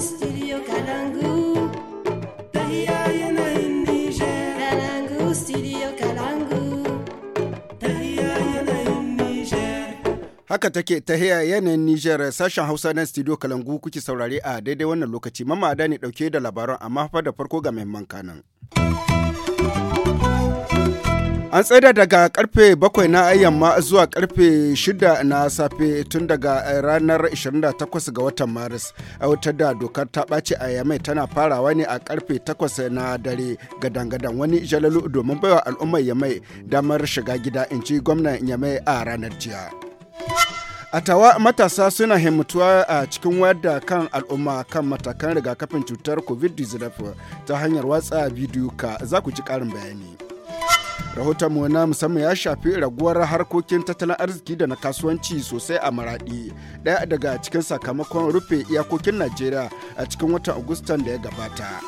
studio Haka take ta hiya yanayin Nijar sashen Hausa na studio Kalangu kuke saurare a daidai wannan lokaci. Mamada ne dauke da labaran amma fa da farko ga mahimman kanan. An tsada daga karfe 7 na yamma zuwa karfe 6 na safe tun daga ranar 28 ga watan Maris. wutar da dokar ta ɓace a Yamai tana farawa ne a karfe 8 na dare gadangadan wani jalalu domin baiwa al'ummar Yamai damar shiga gida in ci gwamnan Yamai a ranar jiya. A tawa matasa suna himmatuwa a cikin wayar kan al'umma kan matakan rigakafin cutar COVID-19 ta hanyar watsa bidiyo ka za ku ji ƙarin bayani. rahotonmu na musamman ya shafi raguwar harkokin tattalin arziki da na kasuwanci sosai a maraɗi ɗaya daga cikin sakamakon rufe iyakokin najeriya a cikin watan agustan da ya gabata.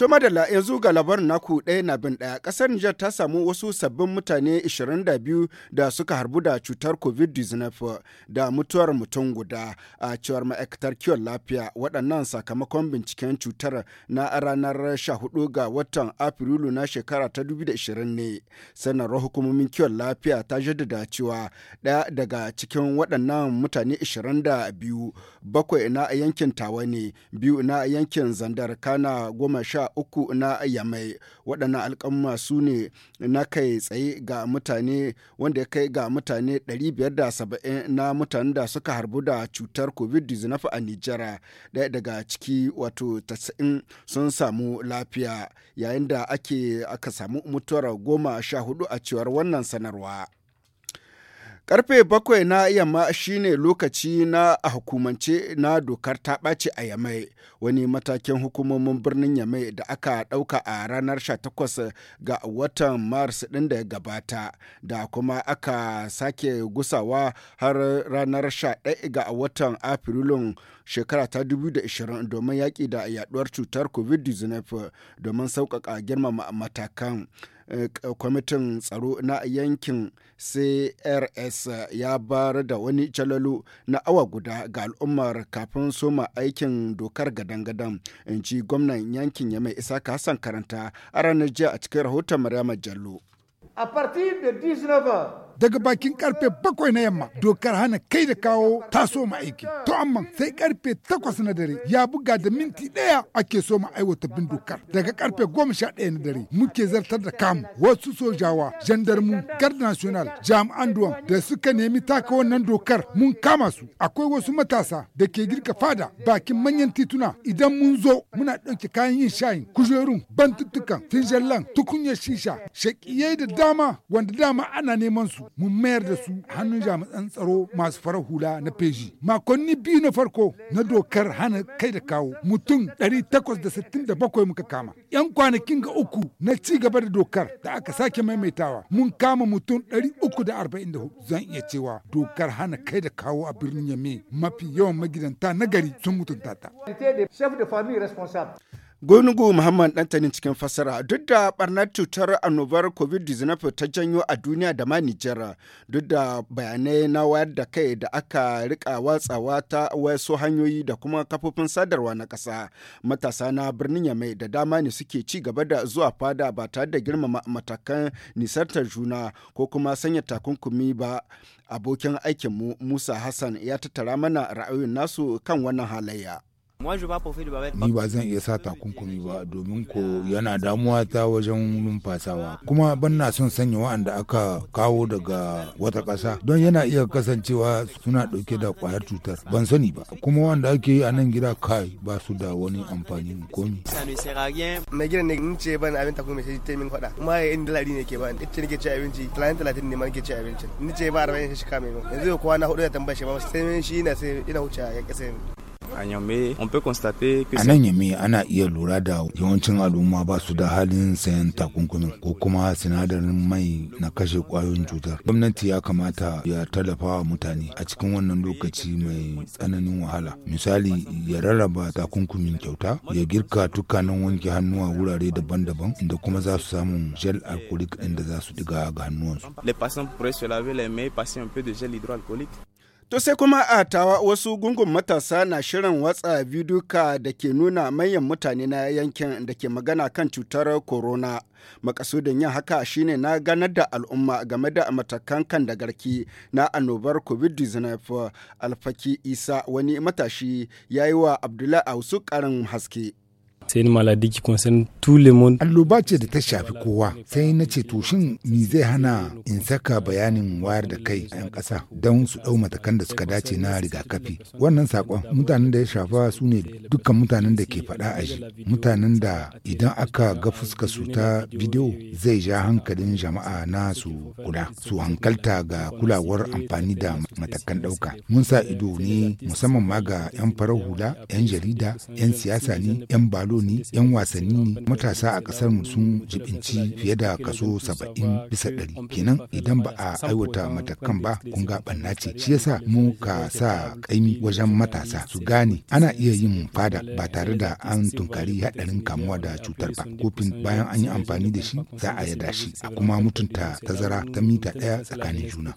To madalla yanzu ga labarin naku ɗaya na bin ɗaya ƙasar Nijar ta samu wasu sabbin mutane 22 da suka harbu da cutar COVID-19 da mutuwar mutum guda a cewar ma'aikatar kiwon lafiya waɗannan sakamakon binciken cutar na ranar 14 ga watan Afrilu na shekara ta 2020 ne. Sanarwar hukumomin kiwon lafiya ta jaddada cewa ɗaya daga cikin waɗannan mutane 22 bakwai na yankin Tawa biyu na yankin Zandar Kana goma sha uku na yamai waɗannan alƙamma su ne na kai tsaye ga mutane wanda ya kai ga mutane 570 na mutanen da suka harbu da cutar covid-19 a nijar ɗaya daga ciki wato 90 sun samu lafiya yayin da ake aka samu mutuwar goma sha hudu a cewar wannan sanarwa. Karfe bakwai na yamma shine lokaci na a hukumance na dokar ta ɓace a Yamai, wani matakin hukumomin birnin Yamai da aka ɗauka a ranar 18 ga watan Maris ɗin da ya gabata, da kuma aka sake gusawa har ranar 11 ga watan Afrilun shekara ta 2020 domin yaƙi da yaduwar cutar covid-19 domin sauƙaƙa girmama matakan. Eh, kwamitin tsaro na yankin crs ya bar da wani jalalu na awa guda ga al'ummar kafin soma aikin dokar gadan in ci gwamnan yankin ya mai isa ka hassan karanta a ranar jiya a cikin rahoton maryama jallo a partir da 19 daga bakin karfe bakwai na yamma dokar hana kai da kawo ta so ma aiki to amma sai karfe takwas na dare ya buga da minti daya ake so ma aiwata bin dokar daga karfe goma sha daya na dare muke zartar da kamu wasu sojawa jandarmu gar national jami'an duwan da suka nemi taka wannan dokar mun kama su akwai wasu matasa da ke girka fada bakin manyan tituna idan mun zo muna ɗauke kayan yin shayin kujerun bantuttukan tinjallan tukunyar shisha shaƙiyai da dama wanda dama ana neman su mun mayar da su hannun jami'an tsaro masu farar hula na feji. Makonni biyu na farko na dokar hana kai da kawo mutum 867 muka kama. 'Yan kwanakin ga uku na ci gaba da dokar da aka sake maimaitawa mun kama mutum 344 zan iya cewa dokar hana kai da kawo a birnin Yame mafi yawan magidanta na gari sun mutunta ta. gungu Muhammad Dantani cikin fasara, duk da barnar cutar annobar COVID-19 ta janyo a duniya da ma Nijar duk da bayanai na wayar da kai da aka rika watsawa ta wasu hanyoyi da kuma kafofin sadarwa na ƙasa. Matasa na birnin Yamai da dama ne suke ci gaba da zuwa fada ba tare da girmama matakan nisantar juna ko kuma sanya takunkumi ba. Abokin aikinmu Musa Hassan ya tattara mana ra'ayoyin nasu kan wannan halayya. Ni ba zan iya sa takunkumi ba domin ko yana damuwa ta wajen numfasawa. Kuma ban na son sanya wa'anda aka kawo daga wata ƙasa don yana iya kasancewa suna ɗauke da ƙwayar cutar. Ban sani ba. Kuma wanda ake yi a nan gida kai ba su da wani amfani komi. Mai gidan ne in ce ban abin takunkumi sai ta min faɗa. Kuma ya in dalari ne ke ban. Ita nake ci abinci. Talatin talatin ne ma nake ci abinci. Ni ce ba arba'in shi kame min. Yanzu na hudu da tambaya shi ba sai shi na sai ina huce ya ƙasa. A nan yame ana iya lura da yawancin al'umma ba su da halin sayan takunkumin ko kuma sinadarin mai na kashe kwayoyin cutar. Gwamnati ya kamata ya tallafa wa mutane a cikin wannan lokaci mai tsananin wahala. Misali ya rarraba takunkumin kyauta, ya girka tukanin wanke hannuwa wurare daban-daban inda kuma za su samu gel alcoholic inda za su diga ga hannuwansu. Les patients pourraient se laver les mains, passer un peu de gel hydroalcoolique. To sai kuma a tawa wasu gungun matasa na shirin watsa biduka da ke nuna manyan mutane na yankin da ke magana kan cutar corona. Makasudin yin haka shine na ganar da al'umma game da matakan kan da garki na annobar COVID-19 alfaki isa wani matashi ya yi wa Abdullahi Ausu karin haske. sai ni maladie qui tout le monde. Alloba ce da ta shafi kowa. Sai na ce to shin ni zai hana in saka bayanin wayar da kai a 'yan ƙasa don su ɗau matakan da suka dace na rigakafi. Wannan sakon mutanen da ya shafa su ne dukkan mutanen da ke faɗa a ji. Mutanen da idan aka ga fuska su ta bidiyo zai ja hankalin jama'a na su kula. Su hankalta ga kulawar amfani da matakan ɗauka. Mun sa ido ne musamman ma ga 'yan farar hula, 'yan jarida, 'yan siyasa ne, 'yan balo ne 'yan wasanni matasa a ƙasar mu sun jibinci fiye da kaso 70 bisa ɗari kenan idan ba a aiwata matakan ba kun ga banna ce shi yasa mu ka sa kaimi wajen matasa su gane ana iya yin fada ba tare da an tunkari haɗarin kamuwa da cutar ba kofin bayan an yi amfani da shi za a yada shi a kuma mutunta tazara ta mita ɗaya tsakanin juna.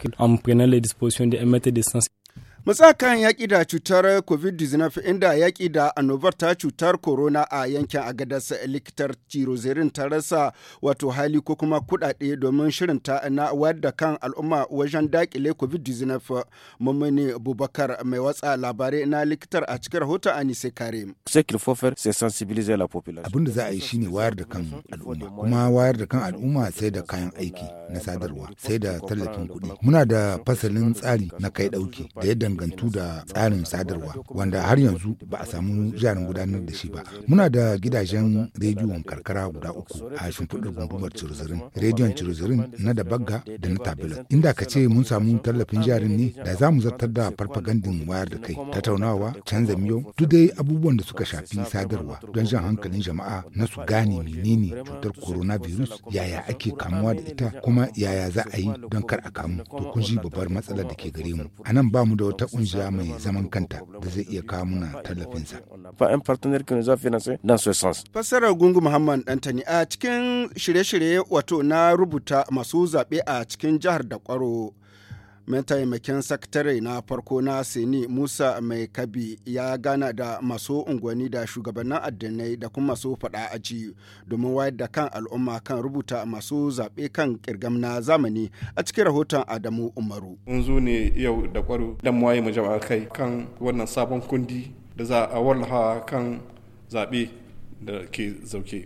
Matsakan yaƙi da cutar COVID-19 inda yaƙi da annobar ta cutar corona a yankin agadas likitar cirozerin ta rasa wato hali ko kuma kuɗaɗe domin shirin ta na wayar kan al'umma wajen daƙile COVID-19 mummuni Bubakar mai watsa labarai na likitar a cikin rahoton a Karim. Abin da za a yi shine wayar da kan al'umma kuma wayar da kan al'umma sai da kayan aiki na sadarwa sai da tallafin kuɗi. Muna da fasalin tsari na kai ɗauki da yadda dangantu da tsarin sadarwa wanda har yanzu ba a samu jarin gudanar da shi ba muna da gidajen rediyon karkara guda uku a shimfiɗar gundumar cirozirin rediyon cirozirin na da bagga da na tabilan inda ka ce mun samu tallafin jarin ne da za mu zartar da farfagandin wayar da kai tattaunawa canza miyau duk dai abubuwan da suka shafi sadarwa don jan hankalin jama'a na su gane menene cutar coronavirus yaya ake kamuwa da ita kuma yaya za a yi don kar a kamu to kun ji babbar matsalar da ke gare mu a nan ba mu da wata wata ƙungiya mai zaman kanta da zai iya kawo muna tallafinsa. Fassarar Gungu Muhammad Dantani a cikin shirye-shirye wato na rubuta masu zaɓe a cikin jihar da ƙwaro. mataimakin sakatare na farko na seni musa mai kabi ya gana da masu unguwanni da shugabannin addinai da kuma masu faɗa aji domin wayar da kan al'umma kan rubuta masu zaɓe kan kirgam na zamani a cikin rahoton adamu umaru mun zo ne yau da kwaro dan mu waye mu jama'a kai kan wannan sabon kundi da za a wallafa kan zaɓe da ke zauke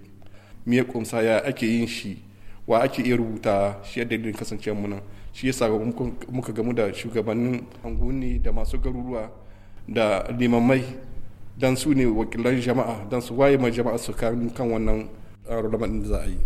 me kumsa ya ake yin shi wa ake iya rubuta shi dalilin kasancewar mu nan shi ya yasa muka gamu da shugabannin hanguni da masu garuruwa da limamai don su ne wakilan jama'a don su waye ma jama'a su kan wannan rulaman da za a yi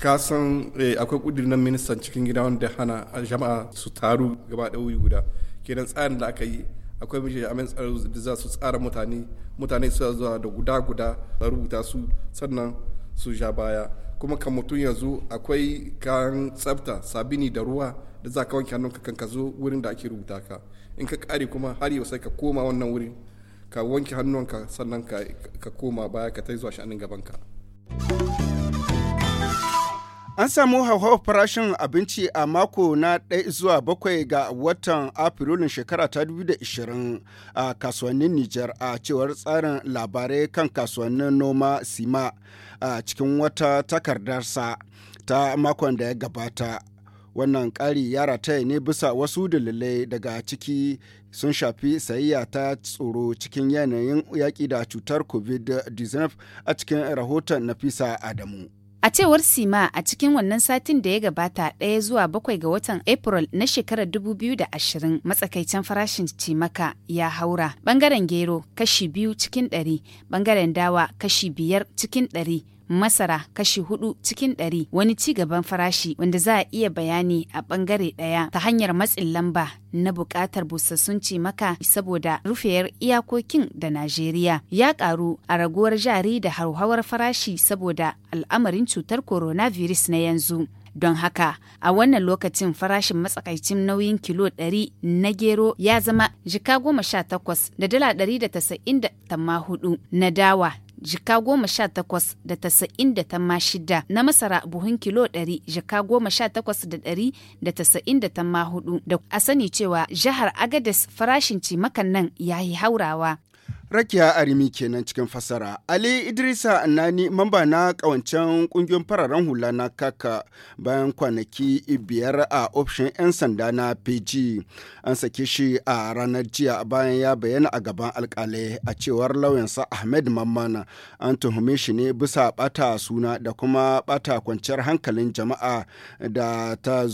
ka san eh, akwai kudirin nan ministan cikin gida wanda hana jama'a su taru gaba da wuri guda kenan tsarin da aka yi akwai mishi amin tsaro da za su tsara mutane mutane su zuwa da guda guda a rubuta su sannan su ja baya kuma kan mutum yanzu akwai kan tsafta sabini da ruwa da za ka wanke hannunka kan ka zo wurin da ake rubuta ka in ka kare kuma har yau sai ka koma wannan wurin ka wanke hannunka sannan ka koma baya ka ta zuwa gaban gabanka. An samu hauhawar farashin abinci a mako na ɗaya zuwa bakwai ga watan Afrilun shekara ta 2020 a kasuwannin Nijar a cewar tsarin labarai kan kasuwannin noma Sima. a cikin wata takardarsa ta makon da ya gabata wannan ƙari ya rataya ne bisa wasu dalilai daga ciki sun shafi sayayya ta tsoro cikin yanayin yaƙi da cutar covid-19 a cikin rahoton nafisa adamu A cewar Sima a cikin wannan satin da ya gabata ɗaya zuwa bakwai ga watan April na shekarar 2020 matsakaicin farashin cimaka ya haura. Bangaren gero kashi biyu cikin ɗari, bangaren dawa kashi biyar cikin ɗari, masara kashi hudu cikin ɗari wani ci gaban farashi wanda za a iya bayani a ɓangare ɗaya ta hanyar matsin lamba na buƙatar busassun maka saboda rufiyar iyakokin da Najeriya ya ƙaru a raguwar jari da hauhawar farashi saboda al'amarin cutar coronavirus na yanzu. Don haka, a wannan lokacin farashin matsakaicin nauyin kilo 100 na gero ya zama jika goma sha takwas da dala ɗari da hudu na dawa jika goma sha takwas da tasa'in da tamma shida na masara buhun kilo ɗari jika goma sha takwas da ɗari da tasa'in da tamma hudu da a sani cewa jihar agades farashin cimakan nan ya yi haurawa Rakiya Arimi kenan cikin fasara. Ali Idrisa Annani mamba na kawancen kungiyoyin fararen hula na kaka bayan kwanaki biyar a ofishin 'yan sanda na PG. An sake shi a ranar jiya bayan ya bayyana a gaban alkalai a cewar lauyansa Ahmed Mammana. An tuhume shi ne bisa bata suna da kuma bata kwanciyar hankalin jama'a da ta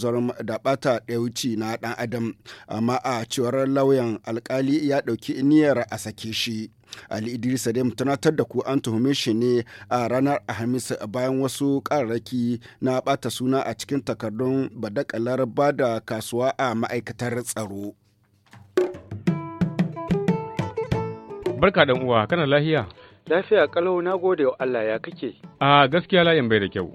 da bata ɗauci na ɗan adam. Amma a cewar lauyan alkali ya ɗauki niyyar a sake shi. Ali Idris Sadem tunatar da ku an tuhume shi ne a ranar Alhamis bayan wasu ƙararraki na ɓata suna a cikin takardun badakalar bada kasuwa a ma'aikatar tsaro. Barka da uwa kana lahiya? Lafiya kalau na gode wa Allah ya kake. A gaskiya layin bai da kyau.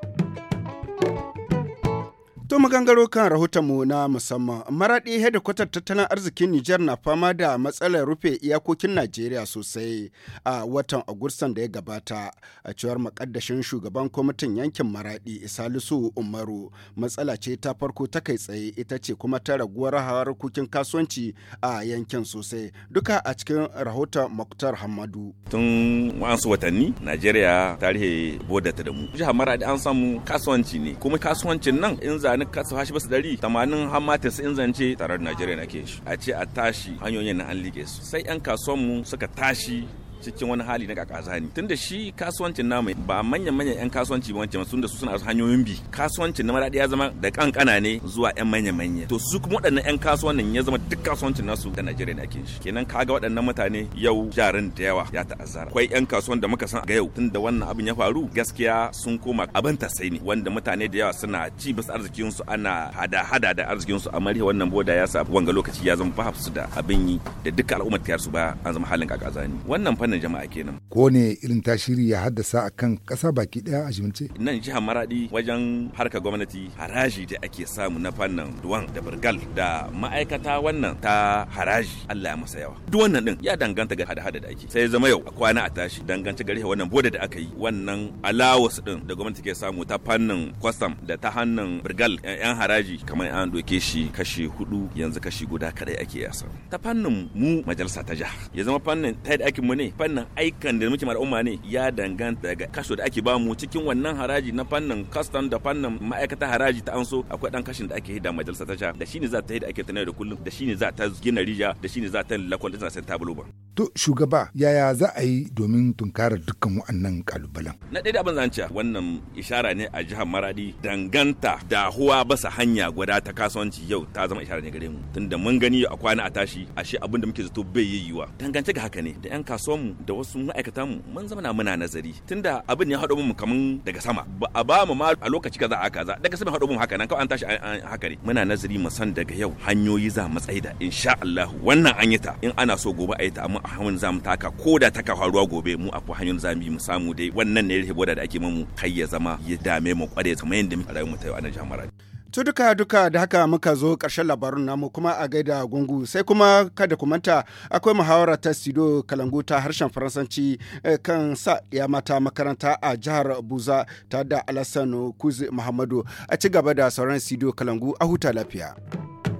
To magangaro kan rahotonmu na musamman, maraɗi hedikwatar tattalin arzikin Nijar na fama da matsalar rufe iyakokin Najeriya sosai a watan Agustan da ya gabata a cewar makaddashin shugaban kwamitin yankin maraɗi Salisu Umaru. Matsala ce ta farko ta kai tsaye ita ce kuma ta raguwar harkokin kasuwanci a yankin sosai. Duka a cikin rahoton Muktar Hamadu. Tun wasu watanni Najeriya tarihi bodata da mu. Jihar maraɗi an samu kasuwanci ne kuma kasuwancin nan in zane wani kasa hashi basu dari tamanin har ma in zance tarar Najeriya na ke shi a ce a tashi hanyoyin na an liƙe su sai 'yan mu suka tashi cikin wani hali na kakazani tunda shi kasuwancin namu ba manyan manyan yan kasuwanci ba sun da su suna hanyoyin bi kasuwancin na maradi ya zama da kankana ne zuwa yan manya manya to su kuma waɗannan yan kasuwannin ya zama duk kasuwancin nasu da Najeriya ne ake shi kenan kaga waɗannan mutane yau jarin da yawa ya ta'azzara akwai yan kasuwan da muka san ga yau tunda wannan abin ya faru gaskiya sun koma abin tasai ne wanda mutane da yawa suna ci bis arzikin su ana hada hada da arzikin su amma wannan boda ya sa wanga lokaci ya zama fahafsu da abin yi da duka al'ummar su ba an zama halin kakazani wannan wannan jama'a kenan ko ne irin tashiri ya haddasa a kan. kasa baki ɗaya a jimilce nan jiha maradi wajen harka gwamnati haraji da ake samu na fannin duwan da burgal da ma'aikata wannan ta haraji Allah ya masa yawa duk wannan din ya danganta ga hada-hada da ake sai zama yau a kwana a tashi danganta gari wannan boda da aka yi wannan allowance din da gwamnati ke samu ta fannin kwastam da ta hannun burgal yan haraji kamar an doke shi kashi hudu yanzu kashi guda kadai ake yasa ta fannin mu majalisa ta jiha ya zama fannin ta aikin mu ne fannin aikan da muke al'umma ne ya danganta ga kaso da ake bamu cikin wannan haraji na fannin custom da fannin ma'aikata haraji ta anso akwai dan kashin da ake da majalisa ta da shine za ta yi da ake tunai da kullum da shine za ta gina rija da shine za ta lakwal da ta bulo To shugaba yaya za a yi domin tunkarar dukkan waɗannan kalubalen? Na ɗaya da abin zance wannan ishara ne a jihar Maradi danganta da huwa basa hanya gwada ta kasuwanci yau ta zama ishara ne gare mu tunda mun gani a kwana a tashi ashe abin da muke zato bai yi yiwa dangance ga haka ne da 'yan mu. da wasu ma'aikatan mu mun zama muna nazari tunda abin ya haɗo mu kaman daga sama ba a ba mu ma a lokaci kaza a kaza daga sama haɗo mu haka nan kawai an tashi haka ne muna nazari mu san daga yau hanyoyi za mu tsaida insha Allah wannan an yi ta in ana so gobe a yi ta amma a hawan za mu taka ko da taka faruwa gobe mu akwai hanyoyin za mu yi mu samu dai wannan ne rihiboda da ake mamu kai ya zama ya dame mu kware kamar yadda mu rayu mu ta yau a Najeriya To duka duka da haka muka zo karshen labarun namu kuma a gaida gungu sai kuma kada ku manta akwai muhawara ta studio kalangu ta harshen faransanci eh, kan sa ya mata makaranta a jihar Buza ta da Alassano Kuzi Muhammadu a ci gaba da sauran studio kalangu a huta lafiya.